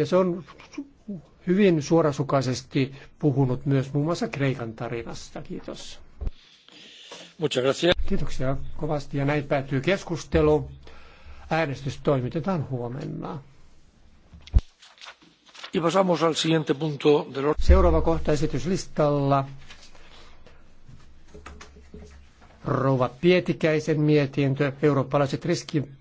Ja se on hyvin suorasukaisesti puhunut myös muun muassa Kreikan tarinasta. Kiitos. Kiitoksia kovasti ja näin päättyy keskustelu. Äänestys toimitetaan huomenna. Seuraava kohta esityslistalla. Rouva Pietikäisen mietintö, eurooppalaiset riski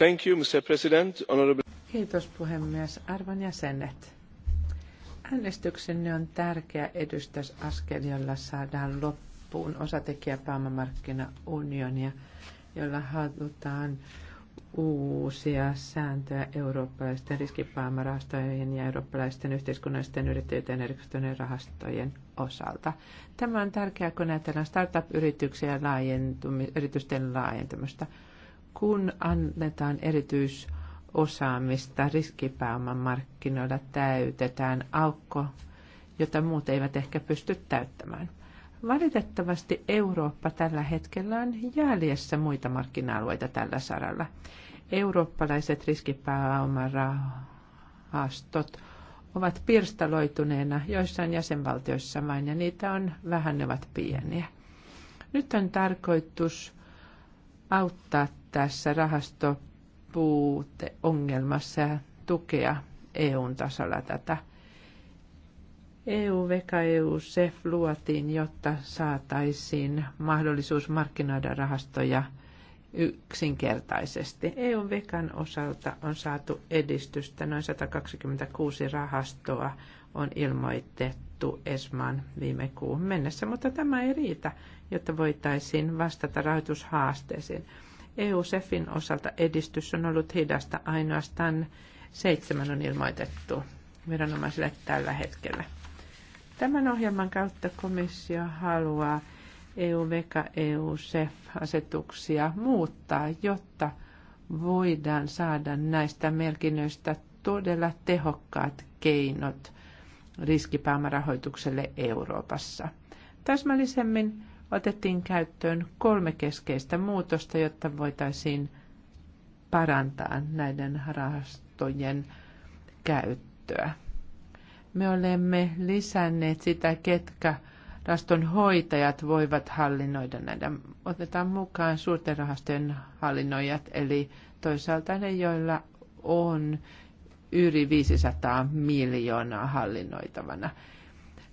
Thank puhemies. Arvon jäsenet. Äänestyksenne on tärkeä edistysaskel jolla saadaan loppuun osatekijäpääomamarkkinaunionia, jolla halutaan uusia sääntöjä eurooppalaisten riskipääomarahastojen ja eurooppalaisten yhteiskunnallisten yrittäjien erikoistuneiden rahastojen osalta. Tämä on tärkeää, kun ajatellaan startup-yrityksiä ja laajentumi- yritysten laajentumista kun annetaan erityisosaamista riskipääoman markkinoilla, täytetään aukko, jota muut eivät ehkä pysty täyttämään. Valitettavasti Eurooppa tällä hetkellä on jäljessä muita markkina-alueita tällä saralla. Eurooppalaiset riskipääomarahastot ovat pirstaloituneena joissain jäsenvaltioissa vain, ja niitä on vähän, ne ovat pieniä. Nyt on tarkoitus auttaa tässä rahastopuuteongelmassa ja tukea EUn tasolla tätä. EU, Veka, EU, SEF luotiin, jotta saataisiin mahdollisuus markkinoida rahastoja yksinkertaisesti. EU Vekan osalta on saatu edistystä. Noin 126 rahastoa on ilmoitettu sovittu ESMAan viime kuun mennessä, mutta tämä ei riitä, jotta voitaisiin vastata rahoitushaasteisiin. EU-SEFin osalta edistys on ollut hidasta, ainoastaan seitsemän on ilmoitettu viranomaisille tällä hetkellä. Tämän ohjelman kautta komissio haluaa EU-VECA, EU-SEF-asetuksia muuttaa, jotta voidaan saada näistä merkinnöistä todella tehokkaat keinot riskipääomarahoitukselle Euroopassa. Täsmällisemmin otettiin käyttöön kolme keskeistä muutosta, jotta voitaisiin parantaa näiden rahastojen käyttöä. Me olemme lisänneet sitä, ketkä rahaston hoitajat voivat hallinnoida näitä. Otetaan mukaan suurten rahastojen hallinnoijat, eli toisaalta ne, joilla on yli 500 miljoonaa hallinnoitavana.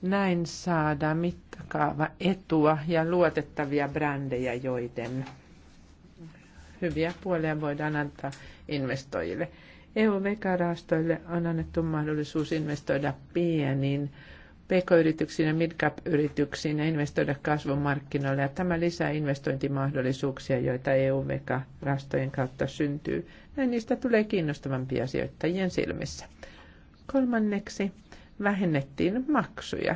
Näin saadaan mittakaava etua ja luotettavia brändejä, joiden hyviä puolia voidaan antaa investoijille. EU-vekarastoille on annettu mahdollisuus investoida pieniin pk-yrityksiin ja midcap-yrityksiin ja investoida kasvumarkkinoille. Ja tämä lisää investointimahdollisuuksia, joita EU-veka-rastojen kautta syntyy. Näin niistä tulee kiinnostavampia sijoittajien silmissä. Kolmanneksi vähennettiin maksuja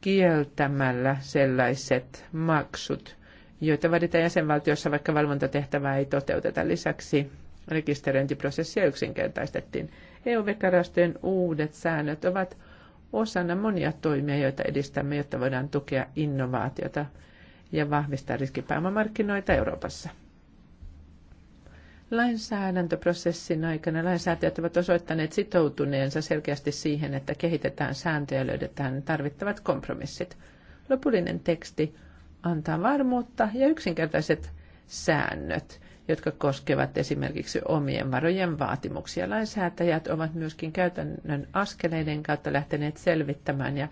kieltämällä sellaiset maksut, joita vaaditaan jäsenvaltiossa, vaikka valvontatehtävää ei toteuteta. Lisäksi rekisteröintiprosessia yksinkertaistettiin. EU-vekarastojen uudet säännöt ovat osana monia toimia, joita edistämme, jotta voidaan tukea innovaatiota ja vahvistaa riskipääomamarkkinoita Euroopassa. Lainsäädäntöprosessin aikana lainsäätäjät ovat osoittaneet sitoutuneensa selkeästi siihen, että kehitetään sääntöjä ja löydetään tarvittavat kompromissit. Lopullinen teksti antaa varmuutta ja yksinkertaiset säännöt, jotka koskevat esimerkiksi omien varojen vaatimuksia. Lainsäätäjät ovat myöskin käytännön askeleiden kautta lähteneet selvittämään ja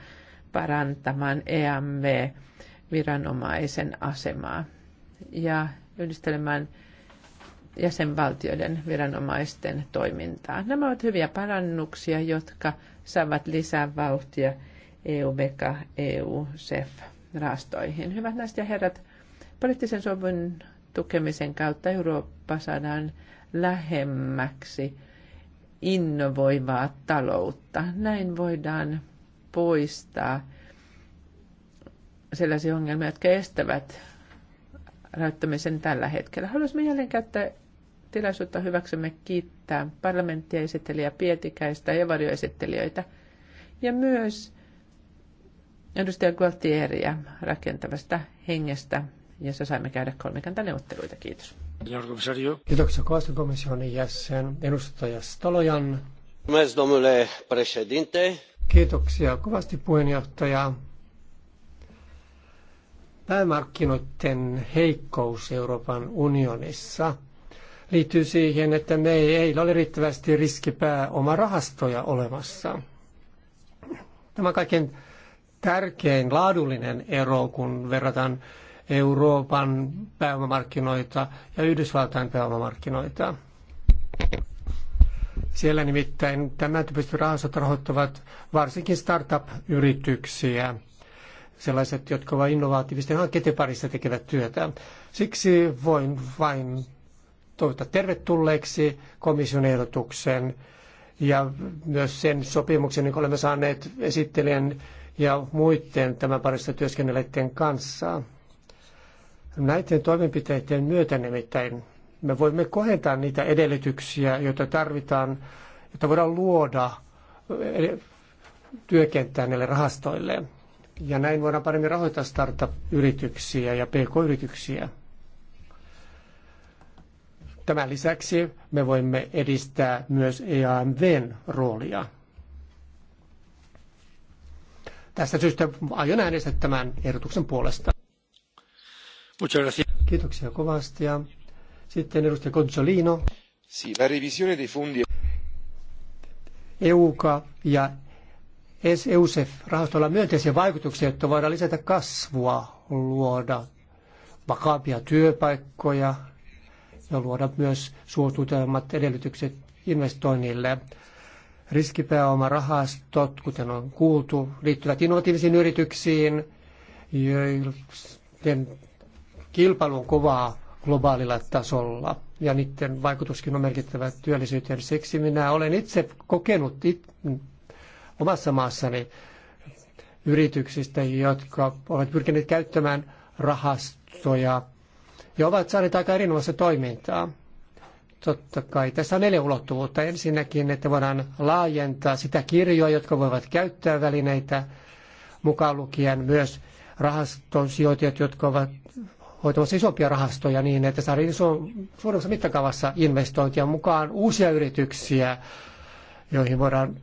parantamaan EMV-viranomaisen asemaa ja yhdistelemään jäsenvaltioiden viranomaisten toimintaa. Nämä ovat hyviä parannuksia, jotka saavat lisää vauhtia eu EU-SEF rastoihin Hyvät naiset ja herrat, poliittisen sovun tukemisen kautta Eurooppa saadaan lähemmäksi innovoivaa taloutta. Näin voidaan poistaa sellaisia ongelmia, jotka estävät rajoittamisen tällä hetkellä. Haluaisimme jälleen käyttää tilaisuutta hyväksymme kiittää parlamenttia esittelijä Pietikäistä ja varjoesittelijöitä ja myös edustaja Gualtieriä rakentavasta hengestä jossa saimme käydä kolmikantaneuvotteluita. Kiitos. Kiitoksia kovasti komission jäsen edustaja Stolojan. Kiitoksia kovasti puheenjohtaja. Päämarkkinoiden heikkous Euroopan unionissa liittyy siihen, että me ei, ei ole riittävästi rahastoja olemassa. Tämä kaiken tärkein laadullinen ero, kun verrataan Euroopan pääomamarkkinoita ja Yhdysvaltain pääomamarkkinoita. Siellä nimittäin tämän tyyppiset rahastot rahoittavat varsinkin startup-yrityksiä, sellaiset, jotka ovat innovatiivisten hankkeiden parissa tekevät työtä. Siksi voin vain toivottaa tervetulleeksi komission ehdotuksen ja myös sen sopimuksen, jonka olemme saaneet esittelijän ja muiden tämän parissa työskennelleiden kanssa. Näiden toimenpiteiden myötä nimittäin me voimme kohentaa niitä edellytyksiä, joita tarvitaan, jotta voidaan luoda työkenttää näille rahastoille. Ja näin voidaan paremmin rahoittaa startup-yrityksiä ja pk-yrityksiä. Tämän lisäksi me voimme edistää myös EAMVn roolia. Tästä syystä aion äänestää tämän ehdotuksen puolesta. Kiitoksia kovasti. Ja sitten edustaja Consolino. EUKA e ja EUSEF-rahastolla myönteisiä vaikutuksia, jotta voidaan lisätä kasvua, luoda vakaampia työpaikkoja ja luoda myös suotuutelmat edellytykset investoinnille. Riskipääomarahastot, kuten on kuultu, liittyvät innovatiivisiin yrityksiin, joiden Kilpailu on kovaa globaalilla tasolla ja niiden vaikutuskin on merkittävä työllisyyteen. Siksi minä olen itse kokenut it, omassa maassani yrityksistä, jotka ovat pyrkineet käyttämään rahastoja ja ovat saaneet aika erinomaista toimintaa. Totta kai. Tässä on neljä ulottuvuutta. Ensinnäkin, että voidaan laajentaa sitä kirjoa, jotka voivat käyttää välineitä, mukaan lukien myös rahaston sijoittajat, jotka ovat hoitamassa isompia rahastoja niin, että saadaan iso, suuremmassa mittakaavassa investointia mukaan uusia yrityksiä, joihin voidaan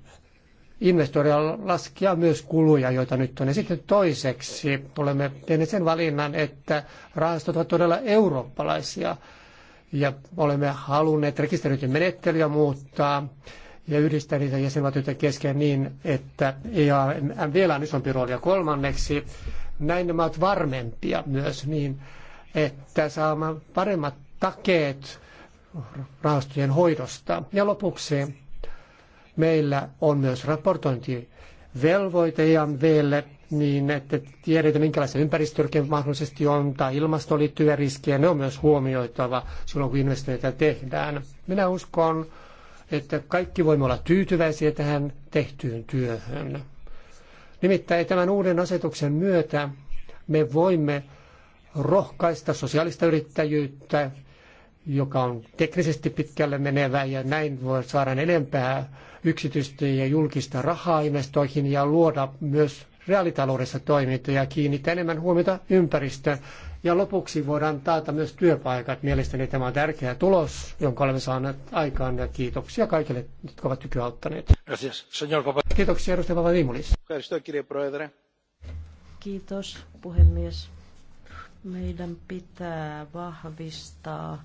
investoida laskea myös kuluja, joita nyt on. Ja sitten toiseksi olemme tehneet sen valinnan, että rahastot ovat todella eurooppalaisia ja olemme halunneet rekisteröityjen menettelyä muuttaa ja yhdistää niitä jäsenvaltioita kesken niin, että EAM vielä on isompi rooli. Ja kolmanneksi, näin nämä ovat varmempia myös niin, että saamme paremmat takeet rahastojen hoidosta. Ja lopuksi meillä on myös raportointivelvoite EMVlle niin, että tiedetään minkälaisia ympäristöä mahdollisesti on tai ilmastoon liittyviä riskejä. Ne on myös huomioitava silloin, kun investointeja tehdään. Minä uskon, että kaikki voimme olla tyytyväisiä tähän tehtyyn työhön. Nimittäin tämän uuden asetuksen myötä me voimme rohkaista sosiaalista yrittäjyyttä, joka on teknisesti pitkälle menevää ja näin voi saada enempää yksityistä ja julkista rahaa investoihin ja luoda myös reaalitaloudessa toimintoja ja kiinnittää enemmän huomiota ympäristöön. Ja lopuksi voidaan taata myös työpaikat. Mielestäni tämä on tärkeä tulos, jonka olemme saaneet aikaan ja kiitoksia kaikille, jotka ovat tykyä auttaneet. Kiitoksia edustaja Papa Kiitos puhemies. Meidän pitää vahvistaa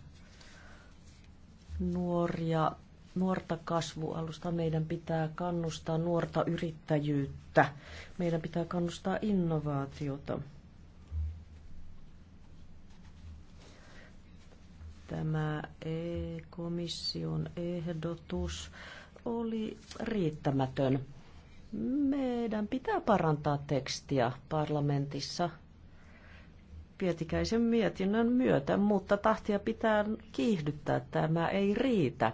nuoria, nuorta kasvualusta. Meidän pitää kannustaa nuorta yrittäjyyttä. Meidän pitää kannustaa innovaatiota. Tämä komission ehdotus oli riittämätön. Meidän pitää parantaa tekstiä parlamentissa Pietikäisen mietinnön myötä, mutta tahtia pitää kiihdyttää. Tämä ei riitä.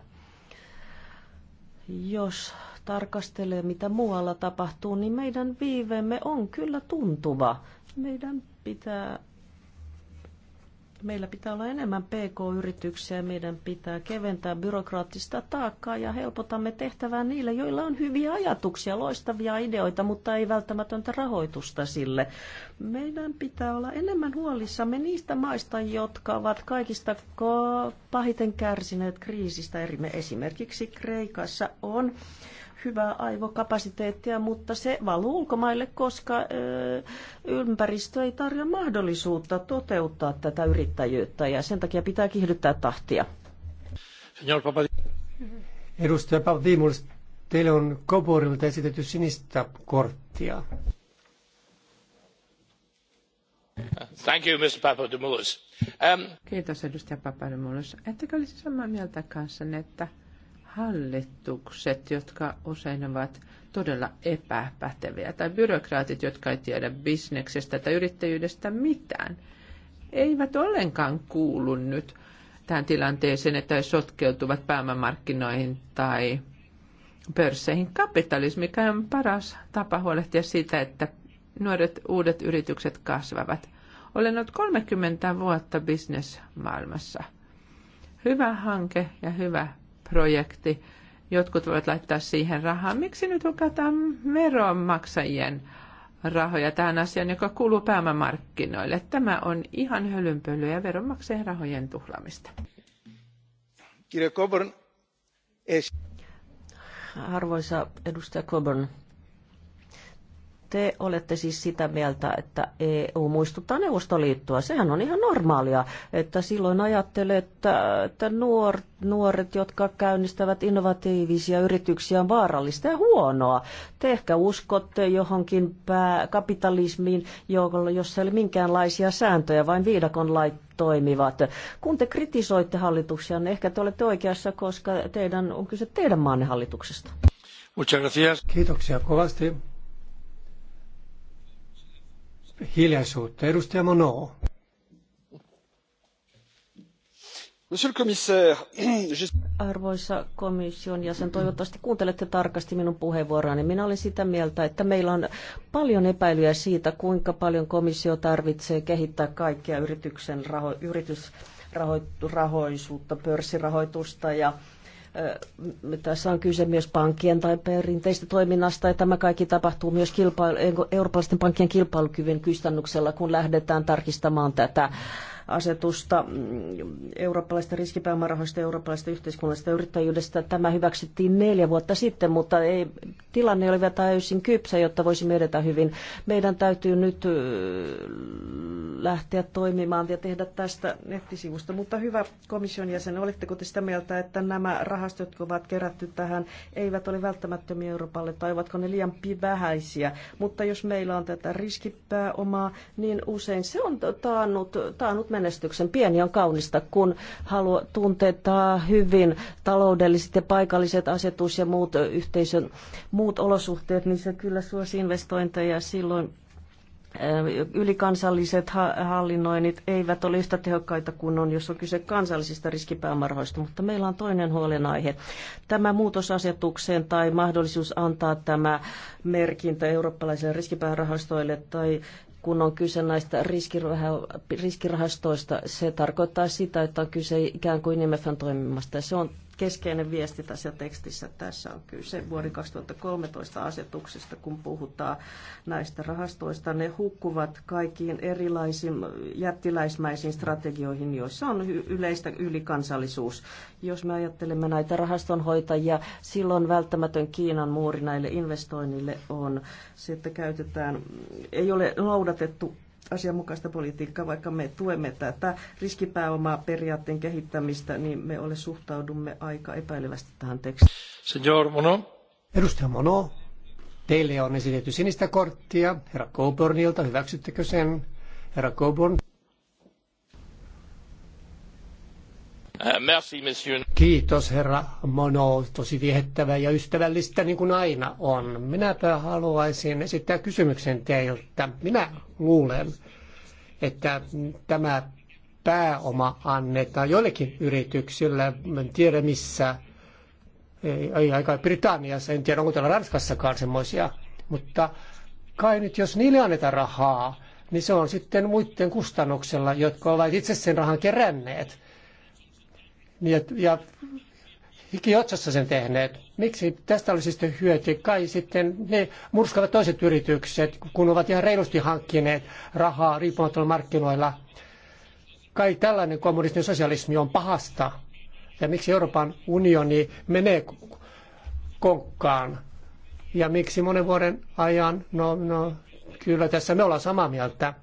Jos tarkastelee, mitä muualla tapahtuu, niin meidän viiveemme on kyllä tuntuva. Meidän pitää Meillä pitää olla enemmän PK-yrityksiä, meidän pitää keventää byrokraattista taakkaa ja helpotamme tehtävää niille, joilla on hyviä ajatuksia, loistavia ideoita, mutta ei välttämätöntä rahoitusta sille. Meidän pitää olla enemmän huolissamme niistä maista, jotka ovat kaikista pahiten kärsineet kriisistä. Esimerkiksi Kreikassa on hyvää aivokapasiteettia, mutta se valuu ulkomaille, koska ympäristö ei tarjoa mahdollisuutta toteuttaa tätä yrittäjyyttä ja sen takia pitää kiihdyttää tahtia. Edustaja Papadimulis, teille on Koborilta esitetty sinistä korttia. Thank you, Mr. Papadimoulis. Um... Kiitos, edustaja Papadimoulis. Ettekö olisi samaa mieltä kanssanne, että hallitukset, jotka usein ovat todella epäpäteviä, tai byrokraatit, jotka ei tiedä bisneksestä tai yrittäjyydestä mitään, eivät ollenkaan kuulu nyt tähän tilanteeseen, että he sotkeutuvat pääomamarkkinoihin tai pörsseihin. Kapitalismi, on paras tapa huolehtia siitä, että nuoret uudet yritykset kasvavat. Olen ollut 30 vuotta bisnesmaailmassa. Hyvä hanke ja hyvä projekti. Jotkut voivat laittaa siihen rahaa. Miksi nyt hukataan veronmaksajien rahoja tähän asiaan, joka kuuluu pääomamarkkinoille? Tämä on ihan hölynpölyä ja veronmaksajien rahojen tuhlamista. Arvoisa edustaja Coburn, te olette siis sitä mieltä, että EU muistuttaa Neuvostoliittoa. Sehän on ihan normaalia, että silloin ajattelee, että, että nuor, nuoret, jotka käynnistävät innovatiivisia yrityksiä, on vaarallista ja huonoa. Te ehkä uskotte johonkin pää, kapitalismiin, jossa ei ole minkäänlaisia sääntöjä, vain viidakon lait toimivat. Kun te kritisoitte hallituksia, niin ehkä te olette oikeassa, koska teidän on kyse teidän maanne hallituksesta. Kiitoksia kovasti hiljaisuutta. Edustaja Mono. Arvoisa komission jäsen, toivottavasti kuuntelette tarkasti minun puheenvuoroani. Minä olen sitä mieltä, että meillä on paljon epäilyjä siitä, kuinka paljon komissio tarvitsee kehittää kaikkia yrityksen raho- yritysrahoisuutta, pörssirahoitusta ja tässä on kyse myös pankkien tai perinteistä toiminnasta, ja tämä kaikki tapahtuu myös kilpailu, eurooppalaisten pankkien kilpailukyvyn kustannuksella, kun lähdetään tarkistamaan tätä asetusta mm, eurooppalaista riskipääomarahoista, eurooppalaista yhteiskunnallisesta yrittäjyydestä. Tämä hyväksyttiin neljä vuotta sitten, mutta ei, tilanne oli vielä täysin kypsä, jotta voisi edetä hyvin. Meidän täytyy nyt lähteä toimimaan ja tehdä tästä nettisivusta. Mutta hyvä komission jäsen, oletteko te sitä mieltä, että nämä rahastot, jotka ovat kerätty tähän, eivät ole välttämättömiä Euroopalle tai ovatko ne liian vähäisiä? Mutta jos meillä on tätä riskipääomaa, niin usein se on taannut, taannut menestyksen. Pieni on kaunista, kun haluaa tuntea hyvin taloudelliset ja paikalliset asetus ja muut yhteisön muut olosuhteet, niin se kyllä suosi investointeja silloin eh, ylikansalliset hallinnoinnit eivät ole yhtä tehokkaita kuin on, jos on kyse kansallisista riskipäämarhoista, mutta meillä on toinen huolenaihe. Tämä muutosasetukseen tai mahdollisuus antaa tämä merkintä eurooppalaisille riskipäärahastoille tai kun on kyse näistä riskirahastoista, se tarkoittaa sitä, että on kyse ikään kuin IMFn toimimasta. Se on keskeinen viesti tässä tekstissä. Tässä on kyse vuoden 2013 asetuksesta, kun puhutaan näistä rahastoista. Ne hukkuvat kaikkiin erilaisiin jättiläismäisiin strategioihin, joissa on yleistä ylikansallisuus. Jos me ajattelemme näitä rahastonhoitajia, silloin välttämätön Kiinan muuri näille investoinnille on, sitten käytetään, ei ole noudatettu asianmukaista politiikkaa, vaikka me tuemme tätä riskipääomaa periaatteen kehittämistä, niin me ole suhtaudumme aika epäilevästi tähän tekstiin. Senor Mono. Edustaja Mono, teille on esitetty sinistä korttia. Herra Coburnilta, hyväksyttekö sen? Herra Coburn. Äh, merci, monsieur. Kiitos, herra Mono. Tosi viehettävä ja ystävällistä, niin kuin aina on. Minäpä haluaisin esittää kysymyksen teiltä. Minä luulen, että tämä pääoma annetaan joillekin yrityksille, en tiedä missä, ei, ei aika Britanniassa, en tiedä onko täällä Ranskassakaan semmoisia, mutta kai nyt jos niille annetaan rahaa, niin se on sitten muiden kustannuksella, jotka ovat itse sen rahan keränneet. Niin, ja hiki ja sen tehneet. Miksi tästä olisi sitten hyöty? Kai sitten ne murskavat toiset yritykset, kun ovat ihan reilusti hankkineet rahaa riippumattomilla markkinoilla. Kai tällainen kommunistinen sosialismi on pahasta. Ja miksi Euroopan unioni menee konkkaan? Ja miksi monen vuoden ajan? No, no kyllä tässä me ollaan samaa mieltä.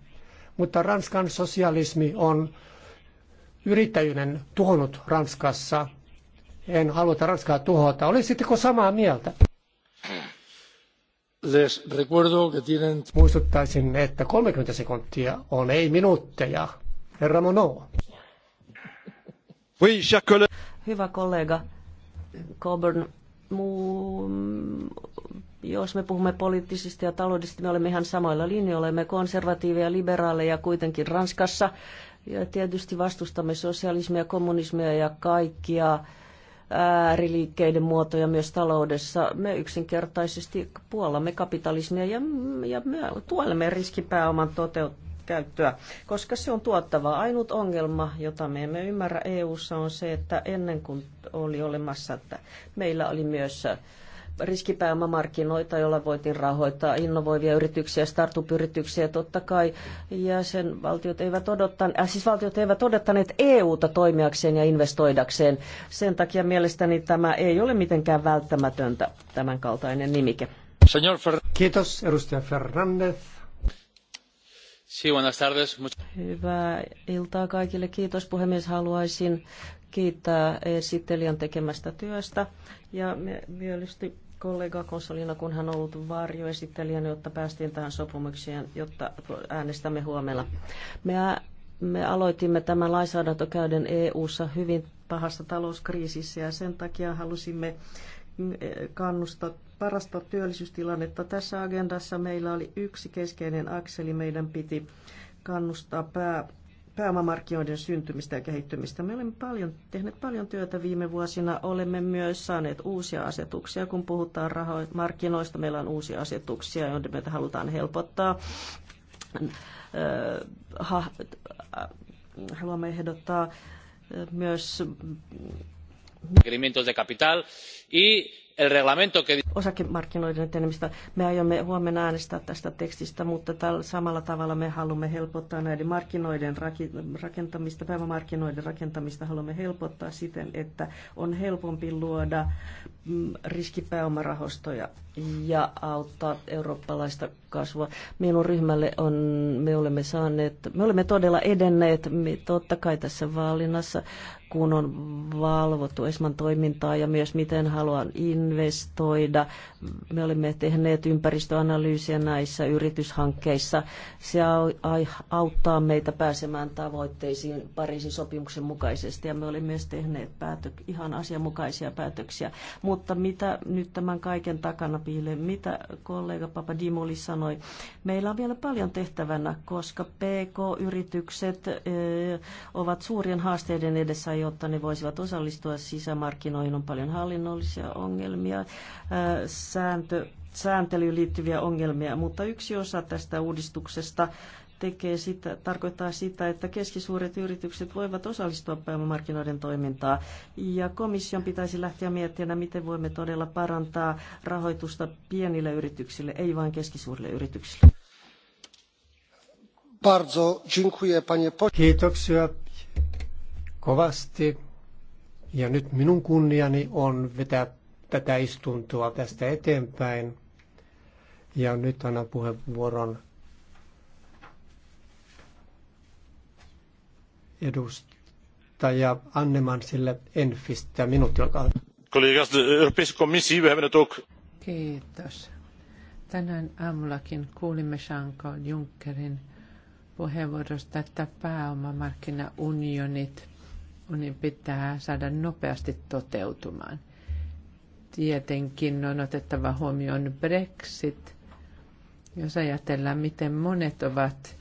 Mutta Ranskan sosialismi on yrittäjyyden tuhonnut Ranskassa. En halua, että Ranskaa tuhota. Olisitteko samaa mieltä? Les recuerdo que tienen... Muistuttaisin, että 30 sekuntia on ei minuutteja. Herra Mono. Oui, Hyvä kollega Coburn, muu, jos me puhumme poliittisista ja taloudellisista, me olemme ihan samoilla linjoilla. Olemme konservatiiveja, liberaaleja kuitenkin Ranskassa. Ja tietysti vastustamme sosialismia, kommunismia ja kaikkia ääriliikkeiden muotoja myös taloudessa. Me yksinkertaisesti puolamme kapitalismia ja, ja me tuelemme riskipääoman toteuttamista käyttöä, koska se on tuottava. Ainut ongelma, jota me emme ymmärrä EU:ssa on se, että ennen kuin oli olemassa, että meillä oli myös riskipääomamarkkinoita, joilla voitiin rahoittaa innovoivia yrityksiä, startup-yrityksiä. Totta kai jäsenvaltiot eivät, odottaneet, äh, siis valtiot eivät odottaneet e ta toimijakseen ja investoidakseen. Sen takia mielestäni tämä ei ole mitenkään välttämätöntä, tämän kaltainen nimike. Kiitos, edustaja Fernandez. Hyvää iltaa kaikille. Kiitos puhemies. Haluaisin kiittää esittelijän tekemästä työstä ja mielestäni kollega Konsolina, kun hän on ollut varjoesittelijänä, jotta päästiin tähän sopimukseen, jotta äänestämme huomenna. Me, me aloitimme tämän lainsäädäntökäyden EU-ssa hyvin pahassa talouskriisissä ja sen takia halusimme mm, e, kannustaa parasta työllisyystilannetta. Tässä agendassa meillä oli yksi keskeinen akseli. Meidän piti kannustaa pää pääomamarkkinoiden syntymistä ja kehittymistä. Me olemme paljon, tehneet paljon työtä viime vuosina. Olemme myös saaneet uusia asetuksia. Kun puhutaan raho- markkinoista, meillä on uusia asetuksia, joiden meitä halutaan helpottaa. Äh, äh, haluamme ehdottaa äh, myös de capital y el reglamento que... Osakemarkkinoiden etenemistä. Me aiomme huomenna äänestää tästä tekstistä, mutta tällä samalla tavalla me haluamme helpottaa näiden markkinoiden rakentamista, päivämarkkinoiden rakentamista haluamme helpottaa siten, että on helpompi luoda Mm, riskipääomarahastoja ja auttaa eurooppalaista kasvua. Minun ryhmälle on, me olemme saaneet, me olemme todella edenneet, me, totta kai tässä valinnassa, kun on valvottu ESMAn toimintaa ja myös miten haluan investoida. Me olemme tehneet ympäristöanalyysiä näissä yrityshankkeissa. Se auttaa meitä pääsemään tavoitteisiin Pariisin sopimuksen mukaisesti ja me olemme myös tehneet päätö- ihan asianmukaisia päätöksiä. Mutta mitä nyt tämän kaiken takana piilee, mitä kollega Papa Dimoli sanoi, meillä on vielä paljon tehtävänä, koska PK-yritykset eh, ovat suurien haasteiden edessä, jotta ne voisivat osallistua sisämarkkinoihin. On paljon hallinnollisia ongelmia, eh, sääntö sääntelyyn liittyviä ongelmia, mutta yksi osa tästä uudistuksesta tekee sitä, tarkoittaa sitä, että keskisuuret yritykset voivat osallistua pääomamarkkinoiden toimintaan. Ja komission pitäisi lähteä miettimään, miten voimme todella parantaa rahoitusta pienille yrityksille, ei vain keskisuurille yrityksille. Kiitoksia kovasti. Ja nyt minun kunniani on vetää tätä istuntoa tästä eteenpäin. Ja nyt annan puheenvuoron edustaja Anneman sille Enfistä. Minuutti, olkaa hyvä. Kollegas, Euroopan komissio, Kiitos. Tänään aamullakin kuulimme Jean-Claude Junckerin puheenvuorosta, että pääomamarkkinaunionit unin pitää saada nopeasti toteutumaan. Tietenkin on otettava huomioon Brexit, jos ajatellaan, miten monet ovat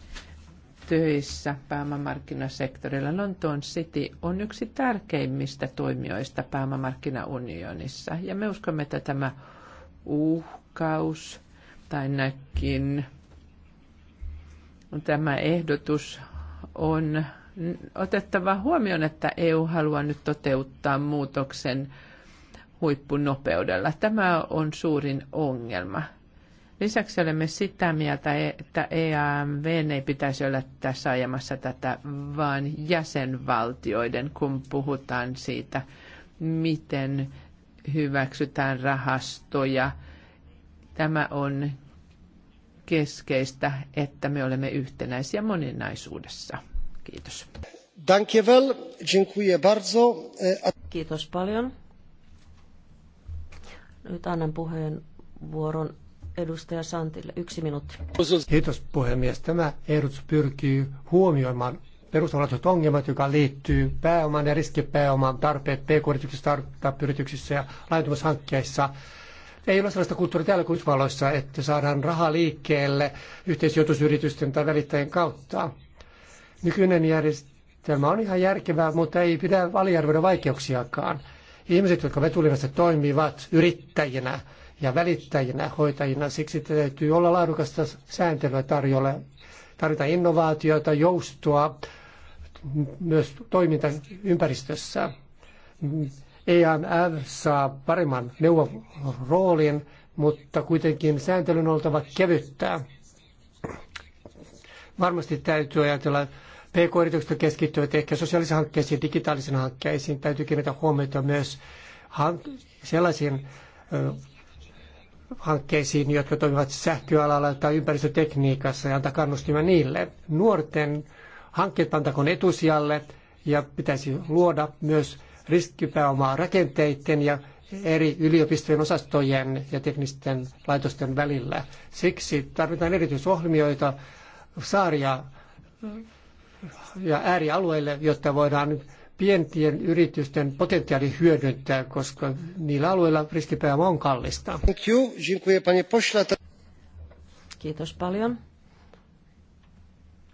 töissä pääomamarkkinasektorilla. Lontoon City on yksi tärkeimmistä toimijoista pääomamarkkinaunionissa ja me uskomme, että tämä uhkaus tai näkin tämä ehdotus on otettava huomioon, että EU haluaa nyt toteuttaa muutoksen huippunopeudella. Tämä on suurin ongelma. Lisäksi olemme sitä mieltä, että EAMV ei pitäisi olla tässä ajamassa tätä, vaan jäsenvaltioiden, kun puhutaan siitä, miten hyväksytään rahastoja. Tämä on keskeistä, että me olemme yhtenäisiä moninaisuudessa. Kiitos. Dankevel, e, Kiitos paljon. Nyt annan puheenvuoron edustaja Santille. Yksi minuutti. Kiitos puhemies. Tämä ehdotus pyrkii huomioimaan perustavanlaatuiset ongelmat, joka liittyy pääoman ja riskipääoman tarpeet pk-yrityksissä, startup-yrityksissä ja laajentumishankkeissa. Ei ole sellaista kulttuuria täällä kuin Yhdysvalloissa, että saadaan raha liikkeelle yhteisijoitusyritysten tai välittäjien kautta. Nykyinen järjestelmä on ihan järkevää, mutta ei pidä aliarvioida vaikeuksiakaan. Ihmiset, jotka vetulimessa toimivat yrittäjinä, ja välittäjinä, hoitajina. Siksi täytyy olla laadukasta sääntelyä tarjolla. Tarvitaan innovaatiota, joustoa myös toimintaympäristössä. EMF saa paremman neuvon roolin, mutta kuitenkin sääntelyn oltava kevyttää. Varmasti täytyy ajatella PK-yritykset keskittyvät ehkä sosiaalisiin hankkeisiin, digitaalisiin hankkeisiin. Täytyy kiinnittää huomiota myös sellaisiin hankkeisiin, jotka toimivat sähköalalla tai ympäristötekniikassa ja antaa kannustimia niille. Nuorten hankkeet pantakoon etusijalle ja pitäisi luoda myös riskipääomaa rakenteiden ja eri yliopistojen osastojen ja teknisten laitosten välillä. Siksi tarvitaan erityisohjelmioita saaria ja äärialueille, jotta voidaan pientien yritysten potentiaali hyödyntää, koska niillä alueilla riskipääoma on kallista. Kiitos paljon.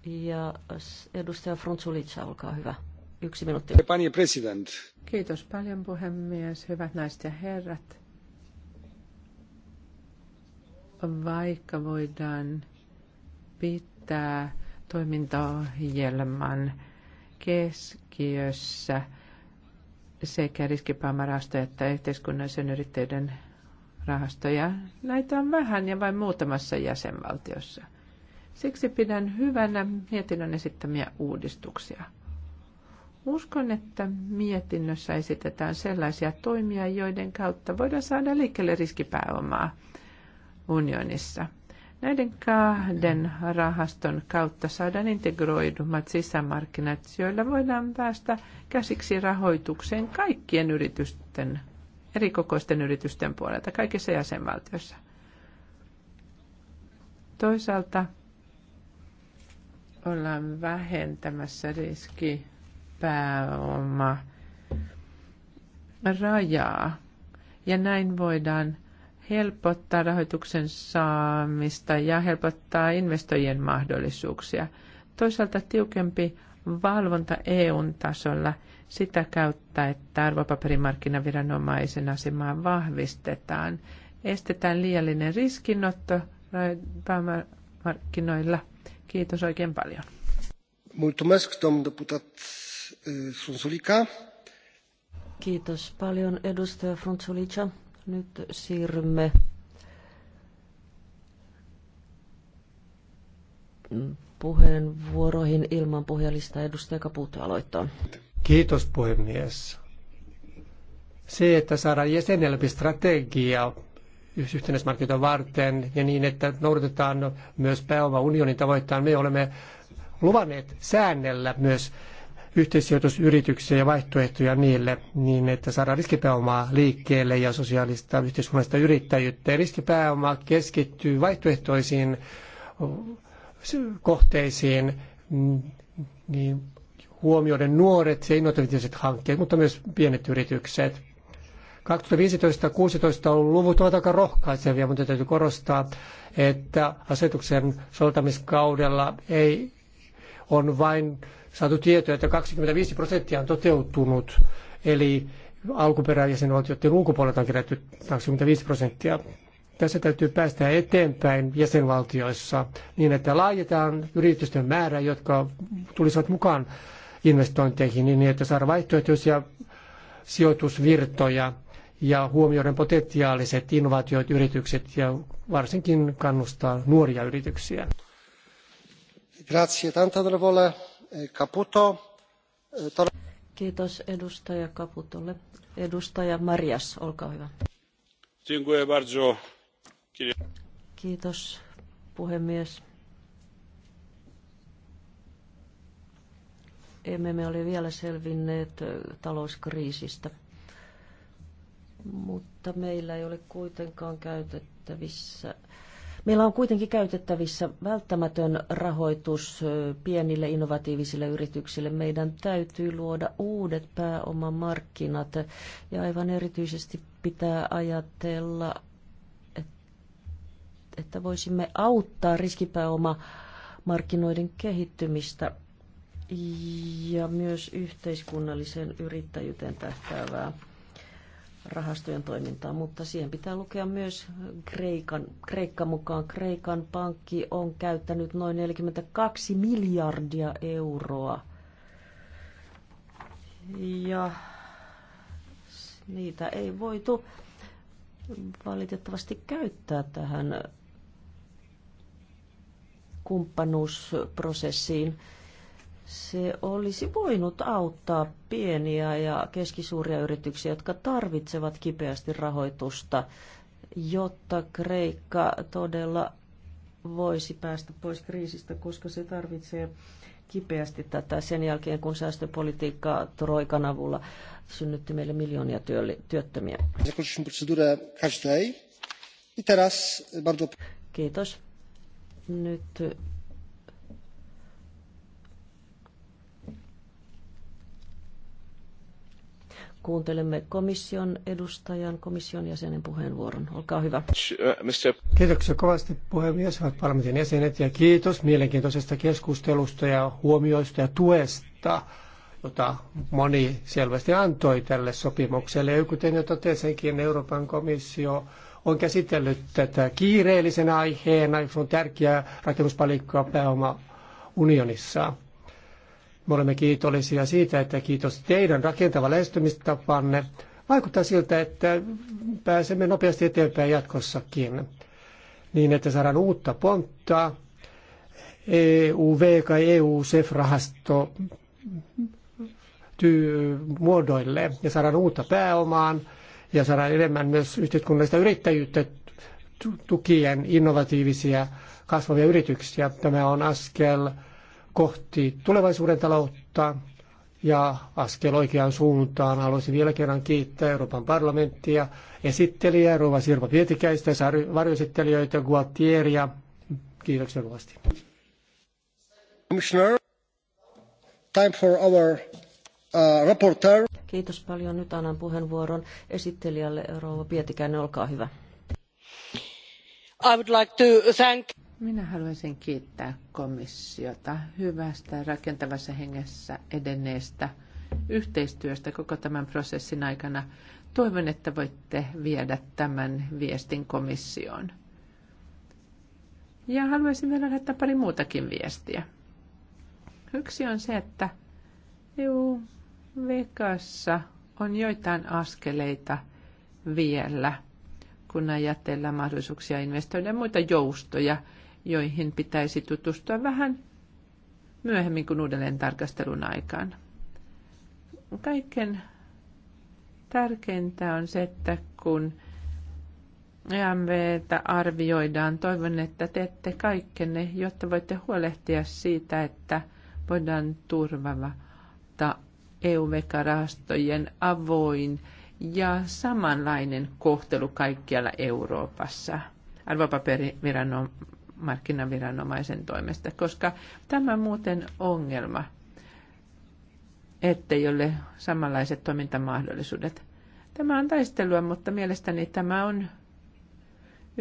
Ja edustaja Frunzulitsa, olkaa hyvä. Yksi minuutti. Panie president. Kiitos paljon puhemies, hyvät naiset ja herrat. Vaikka voidaan pitää toimintaohjelman keskiössä sekä riskipääomarahastoja että yhteiskunnallisen yrittäjyyden rahastoja. Näitä on vähän ja vain muutamassa jäsenvaltiossa. Siksi pidän hyvänä mietinnön esittämiä uudistuksia. Uskon, että mietinnössä esitetään sellaisia toimia, joiden kautta voidaan saada liikkeelle riskipääomaa unionissa. Näiden kahden rahaston kautta saadaan integroidumat sisämarkkinat, joilla voidaan päästä käsiksi rahoitukseen kaikkien yritysten, erikokoisten yritysten puolelta kaikissa jäsenvaltioissa. Toisaalta ollaan vähentämässä riskipääoma rajaa ja näin voidaan helpottaa rahoituksen saamista ja helpottaa investoijien mahdollisuuksia. Toisaalta tiukempi valvonta EUn tasolla sitä kautta, että arvopaperimarkkinaviranomaisen asemaa vahvistetaan. Estetään liiallinen riskinotto päämarkkinoilla. Kiitos oikein paljon. Mulțumesc, domn deputat eh, Kiitos paljon, edustaja Frunzulica. Nyt siirrymme puheenvuoroihin ilman puhelista. Edustaja Kapuuto aloittaa. Kiitos puhemies. Se, että saadaan jäsenelpi strategia yhteismarkkinoita varten ja niin, että noudatetaan myös pääomaunionin tavoittaa, me olemme luvanneet säännellä myös yhteissijoitusyrityksiä ja vaihtoehtoja niille, niin että saadaan riskipääomaa liikkeelle ja sosiaalista yhteiskunnallista yrittäjyyttä. Ja riskipääoma keskittyy vaihtoehtoisiin kohteisiin, niin huomioiden nuoret ja innovatiiviset hankkeet, mutta myös pienet yritykset. 2015-2016 luvut ovat aika rohkaisevia, mutta täytyy korostaa, että asetuksen soveltamiskaudella ei on vain saatu tietoa, että 25 prosenttia on toteutunut, eli valtioiden ulkopuolelta on kerätty 25 prosenttia. Tässä täytyy päästä eteenpäin jäsenvaltioissa niin, että laajetaan yritysten määrä, jotka tulisivat mukaan investointeihin niin, niin että saada vaihtoehtoisia sijoitusvirtoja ja huomioiden potentiaaliset innovaatiot yritykset ja varsinkin kannustaa nuoria yrityksiä. Grazie, tanta Caputo. Kiitos edustaja Caputolle. Edustaja Marias, olkaa hyvä. Kiitos puhemies. Emme me ole vielä selvinneet talouskriisistä, mutta meillä ei ole kuitenkaan käytettävissä Meillä on kuitenkin käytettävissä välttämätön rahoitus pienille innovatiivisille yrityksille. Meidän täytyy luoda uudet pääomamarkkinat ja aivan erityisesti pitää ajatella, että voisimme auttaa riskipääomamarkkinoiden kehittymistä ja myös yhteiskunnalliseen yrittäjyyteen tähtäävää rahastojen toimintaa, mutta siihen pitää lukea myös Kreikan, Kreikka mukaan. Kreikan pankki on käyttänyt noin 42 miljardia euroa. Ja niitä ei voitu valitettavasti käyttää tähän kumppanuusprosessiin se olisi voinut auttaa pieniä ja keskisuuria yrityksiä, jotka tarvitsevat kipeästi rahoitusta, jotta Kreikka todella voisi päästä pois kriisistä, koska se tarvitsee kipeästi tätä sen jälkeen, kun säästöpolitiikka Troikan avulla synnytti meille miljoonia työttömiä. Kiitos. Nyt kuuntelemme komission edustajan, komission jäsenen puheenvuoron. Olkaa hyvä. Kiitoksia kovasti puhemies, hyvät parlamentin jäsenet ja kiitos mielenkiintoisesta keskustelusta ja huomioista ja tuesta, jota moni selvästi antoi tälle sopimukselle. Ja kuten jo totesinkin, Euroopan komissio on käsitellyt tätä kiireellisenä aiheena, se on tärkeä rakennuspalikka pääoma unionissa me olemme kiitollisia siitä, että kiitos teidän rakentava lähestymistapanne. Vaikuttaa siltä, että pääsemme nopeasti eteenpäin jatkossakin, niin että saadaan uutta pontta. EUV tai EU-SEF-rahasto muodoille ja saadaan uutta pääomaan ja saadaan enemmän myös yhteiskunnallista yrittäjyyttä tukien innovatiivisia kasvavia yrityksiä. Tämä on askel kohti tulevaisuuden taloutta ja askel oikeaan suuntaan. Haluaisin vielä kerran kiittää Euroopan parlamenttia, esittelijä Rova Sirpa Pietikäistä, varjoesittelijöitä, Gualtieria. Kiitoksia kovasti. Commissioner, time for our uh, Kiitos paljon. Nyt annan puheenvuoron esittelijälle Rova Pietikäinen, olkaa hyvä. I would like to thank minä haluaisin kiittää komissiota hyvästä rakentavassa hengessä edenneestä yhteistyöstä koko tämän prosessin aikana. Toivon, että voitte viedä tämän viestin komissioon. Ja haluaisin vielä lähettää pari muutakin viestiä. Yksi on se, että EU Vekassa on joitain askeleita vielä, kun ajatellaan mahdollisuuksia investoida muita joustoja – joihin pitäisi tutustua vähän myöhemmin kuin uudelleen tarkastelun aikaan. Kaiken tärkeintä on se, että kun EMVtä arvioidaan, toivon, että teette kaikkenne, jotta voitte huolehtia siitä, että voidaan turvata eu rahastojen avoin ja samanlainen kohtelu kaikkialla Euroopassa. Arvopaperiviranomaisille markkinaviranomaisen toimesta, koska tämä on muuten ongelma, ettei ole samanlaiset toimintamahdollisuudet. Tämä on taistelua, mutta mielestäni tämä on